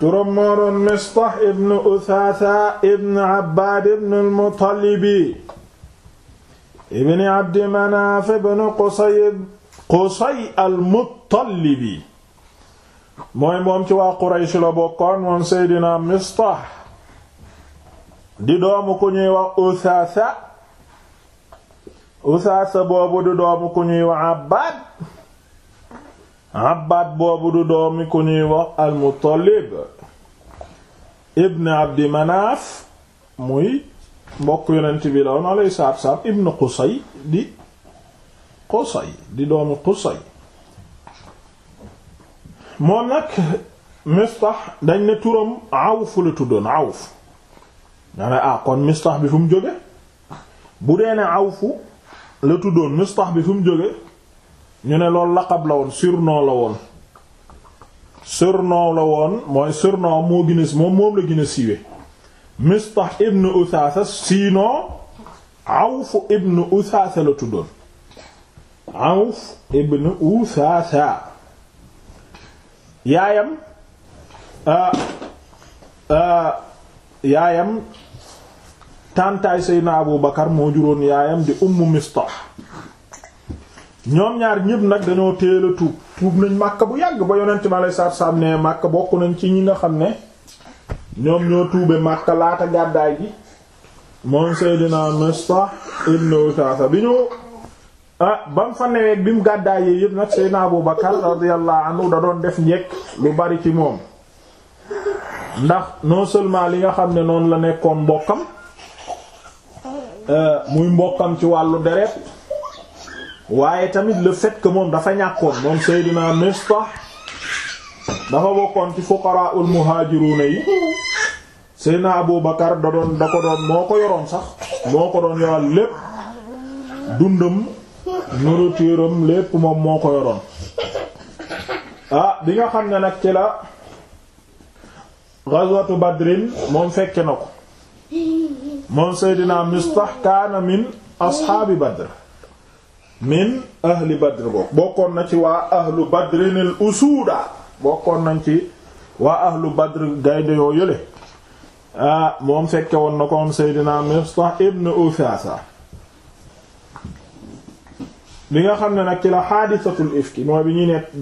turam moo doon mistah ibn uthaatha ibn abbaad ibn almuttalibi ibn abdi manaaf ibn qusay qusay almuttalibi mooy moom ci waa quraysh la bokkoon moom seydina mistah di doomu ku ñuy wax uthaatha uthaatha boobu di doomu ku ñuy wax abbaad abbaad boobu du doomi ku ñuy wax almuttalib ibn abdi manaaf muy mbokk yonent bi la woon alayhi salaatu salaam ibn qusay di qusay di doomi qusay moo nag mistax dañ ne turam awf la tuddoon awf nga ne ah kon mistax bi fu mu jóge bu dee ne awfu la tuddoon mistax bi fu mu jóge ñu ne loolu laqab la woon surnom la woon surnom la woon mooy surnom moo gën a moom moom la ibn Uthatha sinon Awf ibn Uthatha la tuddoon Awf ibn Uthatha yaayam yaayam tàntaay Seydina Abu Bakar moo juróon yaayam di Ummu Mistah ñoom ñaar ñëpp nag dañoo teel a tuub tuub nañ Makka bu yàgg ba yonent ma lay saab ne Makka bokk nañ ci ñi nga xam ne ñoom ñoo tuube Makka laata gàddaay gi moom Seydina Mistah ibn Uthatha bi ñu ah ba mu bi mu gàddaayee yëpp nag Seydina Abu Bakar radiyallahu anhu da doon def njekk lu bari ci moom ndax noo seulement li nga xam ne noonu la nekkoon mbokkam eh, muy mbokkam ci wàllu deret waaye tamit le fait que moom dafa ñàkkoon moom Seydina Mistah dafa bokkoon ci fuqara ul muhajiruna yi Seydina Abu Bakar da doon da ko doon moo ko yoroon sax moo ko doon yoral lépp dundam nourriture am lépp moom moo ko yoroon ah bi nga xam ne nag ci la ghazwatu badrin moom fekke na ko moom Seydina Mistah kaana ashaabi badr min ahli badr bokk bokkoon na ci waa ahlu badrinil usuuda bokkoon nañ ci waa ahlu badr gaynde yoo yële ah, moom fekke woon na ko moom seydina mistah ibn usasa bi nga xam ne nag ci la xaadisatul ifki mooy bi ñuy nekk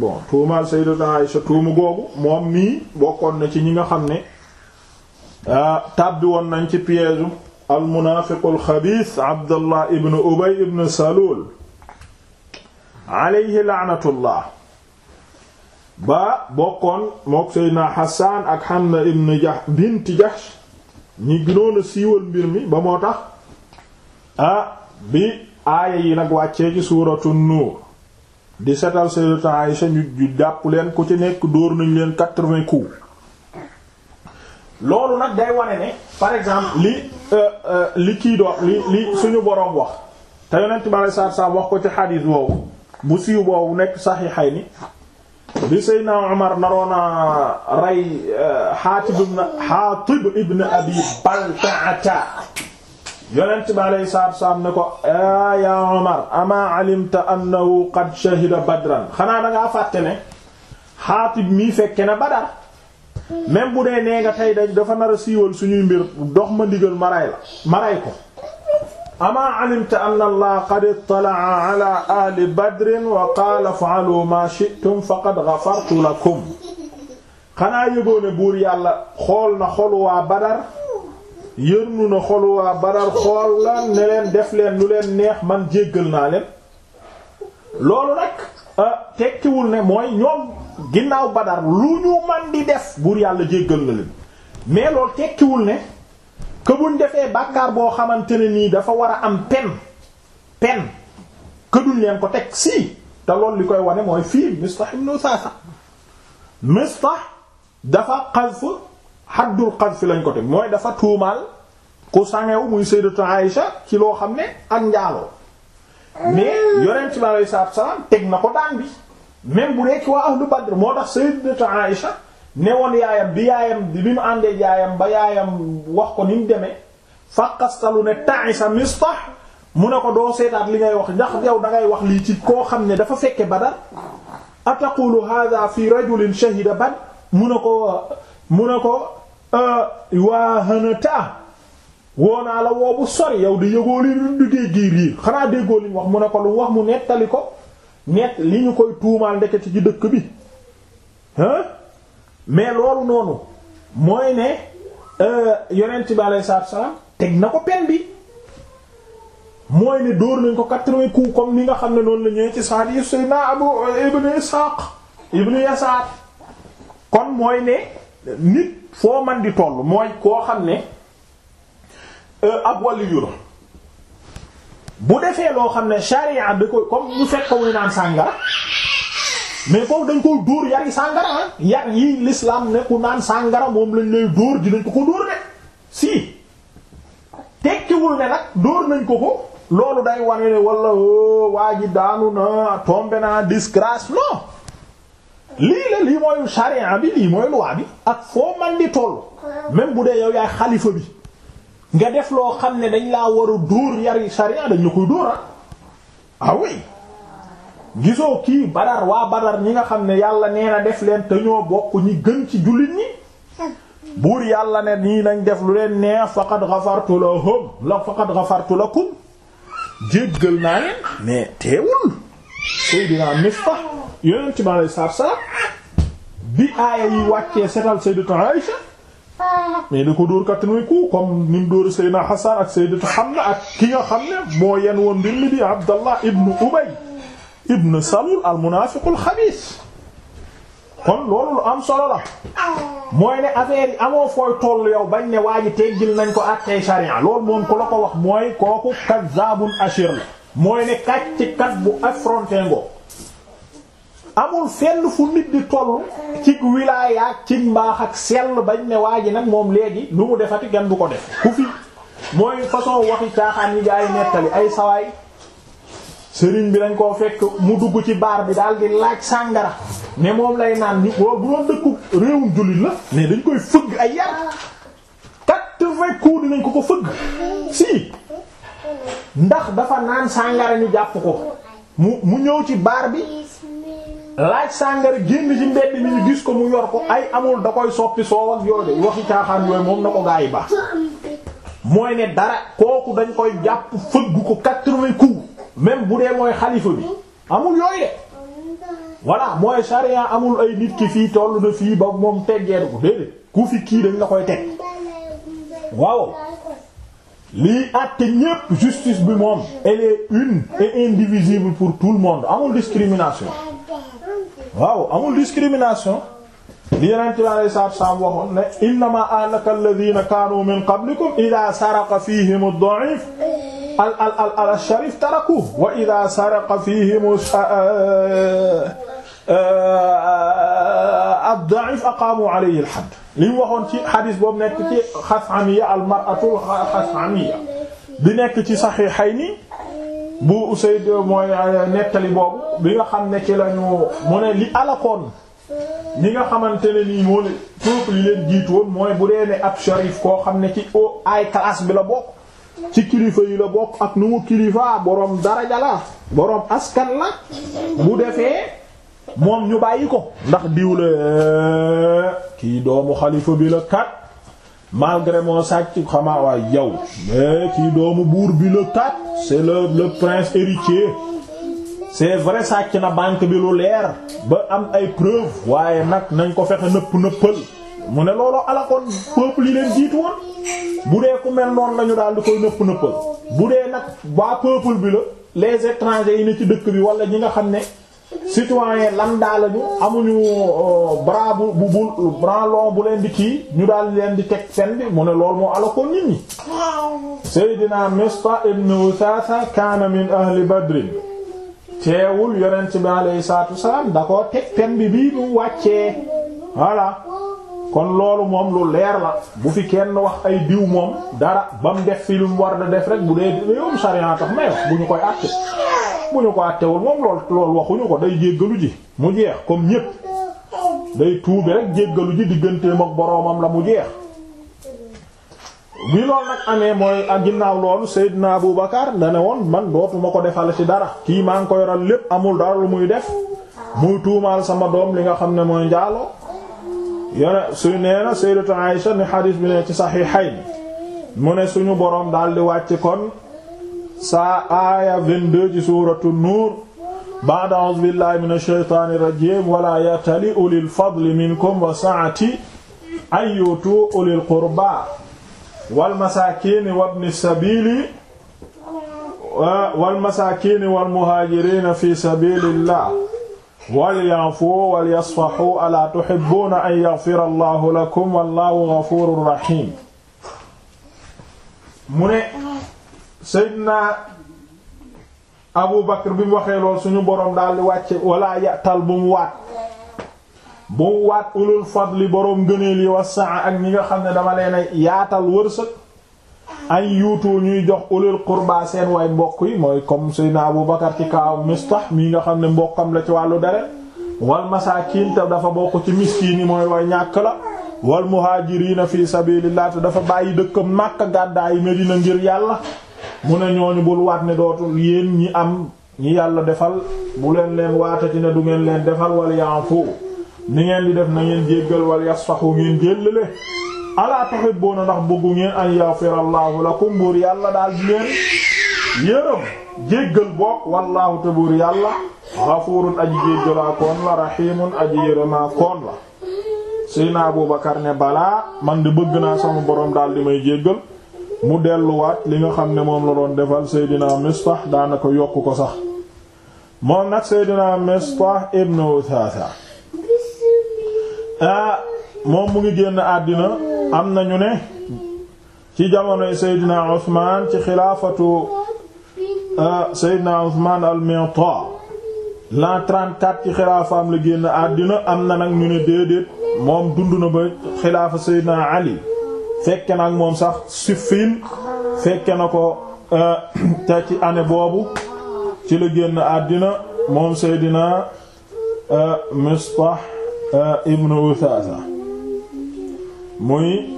bon tuumal seydina Aysa tuumu googu moom mii bokkoon na ci ñi nga xam ne ah tàbbi woon nañ ci piège almunaafiqu alxabiis abdullah ibn ubay ibn salul aleyhi laanatullah ba bokkoon mook seydna xasaan ak xamna ibn jax bint ñi gënoon siiwal mbir mi ba moo tax ah bi aaya yi nag wàccee ci suuratu nuur di setal sayyidatu Aïsha ñu jàpp leen ku ci nekk dóor nañ leen quatre-vingts loolu nag day wane ne par exemple li Euh, li li li suñu boroom wax te yonent bi alei satu wax ko ci xadiis boobu bu siiw boobu nekk saxiixay ni bi Seydina Umar naroon a rey euh, Xaatib ibn Xaatib ibn Abi Baltaata yonent bi aleyhi salaatu salaam ne a ya Umar ama alimta annahu qad shahida badran xanaa dangaa ne Xaatib mii fekke na Badar même bu dee nee nga tey dañ dafa nar a siiwal suñuy mbir dox ma ndigal maray la maray ko amaa alimta anna allah qad ittala'a ala ahli badrin wa qaala fa'alu ma shi'tum faqad ghafartu lakum xanaa yëgoo buur yàlla xool na xolu waa badar yërnu na xolu waa badar xool la ne def leen lu leen neex man jéggal naa leen loolu nag ah, tekkiwul ne mooy ñoom ginnaaw badar lu ñu man di def buur yàlla jéggal na leen mais loolu tekkiwul ne que buñ defee bàkkaar boo xamante ne nii dafa war a am pen pen que duñ leen ko teg si te loolu li koy wane mooy fii Mistah ibn Usasa Mistah dafa xazf haddul xazf lañ ko teg mooy dafa tuumaal ku sangew muy sayyidatu Aïsha ci loo xam ne ak njaaloo mais yonent bi alayhi salaatu salaam teg na ko daan bi même bu nekk ci waa ahlu badr moo tax sayyidatu Aïsha ne woon yaayam bi yaayam bi mu àndee yaayam ba yaayam wax ko ni mu demee faqastalu ne ta'isa Mistah mu ne ko doo seetaat li ngay wax ndax yow da wax lii ci koo xam ne dafa fekke Badar ataqulu hadha fi rajulin shahida Badr mu ne ko mu ne ko euh, waahanata woo naa la woobu sori yow di yëgoo li duggee gii riir xanaa déggoo liñ wax mu ne ko lu wax mu nettali ko nekk li ñu koy tuumaal ndekete ci dëkk bi mais loolu noonu mooy ne euh, yonent bi alayhi salaam teg na ko pen bi mooy ne dóor nañ ko quatre-vingts coups comme ni nga xam ne noonu la ñëwee ci saad yi Seydina Abu euh, Ibn Ishaq Ibn Yasaar kon mooy ne nit foo man di toll mooy koo xam ne euh, ab wàllu yu bu defee loo xam ne charia da ko comme ñu fekk ko muy naan sàngara mais foofu dañ koy dóor yari sàngara yar yi lislaam ne ku naan sàngara moom lañ lay dóor dinañ ko ko dóor de si tekkiwul ne nag dóor nañ ko ko loolu day wane ne wala oh, waa ji daanu na tombé na disgrâce non lii la lii mooy charia bi lii mooy loi ak foo man di toll même bu dee yow yaay xalifa bi nga def loo xam ne dañ laa war a dóor yari sariya dañ la koy dóora ah. ah oui gisoo kii badar waa badar ñi nga xam ne yàlla nee na def leen te ñoo bokk ñi gën ci jullit ñi buur yàlla ne nii nañ def lu leen neex faqad ghafartu lahum la faqad ghafartu lakum jéggal naa leen mais teewul Seydina Mifta yonent bi alayhi salaatu wa salaam bi aaya yi wàccee setal Sayyidatu Aïsha mais da ko dóor quatre-vingts coups comme ni mu dóor Seydina Hassan ak ak ki nga xam ne moo yen woon mbir mi di Abdallah ibn Ubay ibn Salul al munaafiqul xabiis kon loolu lu am solo la mooy ne affaire yi amoo fooy toll yow bañ ne waa ji teggil nañ ko àttee sharia loolu moom ku la ko wax mooy kooku kazaabun ashir la mooy ne kàcc kat bu amul fenn fu nit di toll ci wilaaya ak ci mbaax ak sell bañ ne waa ji nag moom léegi lu mu defati kenn du ko def ku fi mooy façon waxi caaxaan yi gaa nettali ay sawaay sëriñ bi dañ koo fekk mu dugg ci baar bi daal di laaj sàngara ne moom lay naan ñu bu doon dëkku réewum jullit la mais dañ koy fëgg ay yar quatre-vingts coups dinañ ko ko fëgg si ndax dafa naan sàngara ñu jàpp ko mu ñëw ci baar bi laaj sàngara génn ci mbedd mi ñu gis ko mu yor ko ay amul da koy soppi soow ak yooyu de waxi caaxaan yooyu moom na ko gaa yi baax mooy ne dara kooku dañ koy jàpp fëgg ko quatre-vingts coups même bu dee mooy xalifa bi amul yooyu de voilà mooy sharia amul ay nit ki fii tollu na fii ba moom teggeedu ko déedéet ku fi kii dañ la koy teg waaw lii àtte ñépp justice bi moom elle est une et indivisible pour tout le monde amul discrimination waaw amul discrimination li yeneen ci laa lay saab saab waxoon ne innama ahlaka alladhina kaanu min qablikum idha saraqa fihim ad-da'if al al al al sharif tarakuhu wa idha saraqa fihim ad-da'if aqaamu alayhi al-hadd li mu waxoon ci xadis boobu nekk ci xasamiya al-mar'atu al-xasamiya bi nekk ci saxiixayni bu Usayd mooy euh, nettali boobu bi nga xam ne ci lañu mu ne li alakoon ñi nga xamante ne nii moo ne peuple leen jiitoon mooy bu dee ne ab sharif koo xam ne ci o ay classe bi la bokk ci kilifa yi la bokk ak nu mu kilifa boroom daraja la boroom askan la bu defee moom ñu bàyyi ko ndax diw la kii doomu xalifa bi la kat malgré moo sàcc xamaa waay yow mais kii doomu buur bi le kat c'est le le prince héritier c'est vrai sàcc na banque bi lu leer ba am ay preuve waaye nag nañ ko fexe nëpp nëppal mu ne looloo alakoon peuple yi leen jiitu woon bu dee ku mel noonu la ñu daal di koy nëpp nëppal bu dee nag waa peuple bi la les étrangers yi ne ci dëkk bi wala ñi nga xam ne lan lambda lañu amuñu euh, bras bu bu bras leen di kii ñu daal leen di teg fen bi mu ne lool moo alakoo nit ñi Seydina Misbah ibn Usasa kaana min ahli badrin teewul yonent bi alayhi salaatu wassalaam da ko teg fen bi bii mu wàccee voilà kon loolu moom lu leer la bu fi kenn wax ay diw moom dara ba def fi lu mu war da def rek bu dee réewum sariya tax may wax bu ñu koy àtte même bu ñu ko àttewul moom lool lool waxuñu ko day jéggalu ji mu jeex comme ñépp day tuubi rek jéggalu ji diggante ak boroomam la mu jeex bi loolu nag amee mooy ginnaaw loolu Seydina Abu Bakar da ne woon man dootuma ko defal ci dara kii maa ngi ko yoral lépp amul dara lu muy def muy tuumaal sama doom li nga xam ne mooy njaalo yone su nee na Sayyidatu Aïsha ni xadiis bi ne ci Saxiixayn mu ne suñu boroom daal di wàcc kon saa aaya 22 ci suuratu nuur ba'da a'uuzu billahi minash shaytaanir rajiim wala yatali ulil fadli minkum wa sa'ati an yu'tu ulil qurba wal masaakiin wabni sabiili wal masaakiin wal muhaajiriina fi sabiilillah wal ya'fu wal yasfahu alaa tuhibbuuna an yaghfira allahu lakum wallaahu ghafuurun rahiim mu ne Seydina Abu Bakr bi mu waxee lool suñu boroom daal di wàcce wala yatal bu mu waat bu mu waat ulul fadli boroom gëneel yi wa saa ak ñi nga xam ne dama leen yaatal wërsëg ay yuutu ñuy jox ulul qurba seen way mbokk yi mooy comme Seydina Abu Bakr ci kaaw Mistah mii nga xam ne mbokkam la ci wàllu deret wal masaakiin te dafa bokk ci miskiin yi mooy way ñàkk la wal muhaajiriina fi sabiilillah te dafa bàyyi dëkkam Makka gàddaay Medina ngir yàlla mu ne ñooñu bul waat ne dootul yéen ñi am ñi yàlla defal bu leen leen ci ne du ngeen leen defal wala ya'fu ni ngeen di def na ngeen jéggal wala yasfahu ngeen jéllale alaa tuhibbuuna ndax bëggu ngeen an yaghfira allahu lakum buur yàlla daal di leen yërëm jéggal boog wallaahu buur yàlla ghafuurun aji jéggalaa koon la rahiimun aji yërëmaa koon la seyna Abubakar ne balaa man de bëgg naa sama borom daal di may jéggal mu delluwaat li nga xam ne moom la doon defal Seydina Mistah daanaka yokk ko sax moom nag Seydina Mistah ibn Uthatha ah moom mu ngi génn àddina am na ñu ne ci jamonoy Seydina Usmaan ci xilaafatu ah, Seydina Usmaan al-Mi'ta l'an 34 ci xilaafaam la génn àddina am na nag ñu ne déedéet moom dund na ba xilaafa Seydina Ali fekke nag moom sax Siffin fekke na ko euh, te ci année boobu ci la génn àddina moom Seydina euh, Mistah euh, ibn Uthatha muy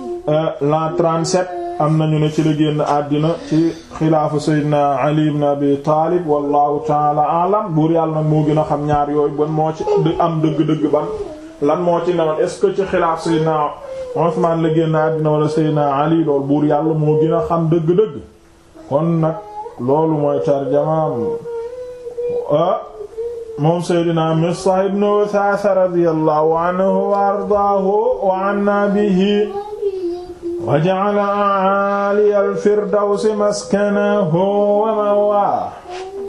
l'an 37 am nañu ne ci la génn àddina ci xilaafu Seydina Ali ibn Abi Talib wallahu taala buur yàlla nag moo gën a xam ñaar yooyu ban moo ci am dëgg-dëgg ban lan moo ci newoon est ce que ci xilaaf Seydina Usmaan la génn àddina wala Seydina Ali loolu buur yàlla moo gën a xam dëgg-dëgg kon nag loolu mooy tarjamaam ah moom Seydina Mistah ibn Uthatha radiyallahu anhu wa ardaahu wa anna bihi wa ja'ala a'ali al-firdawsi maskanahu wa ma'waahu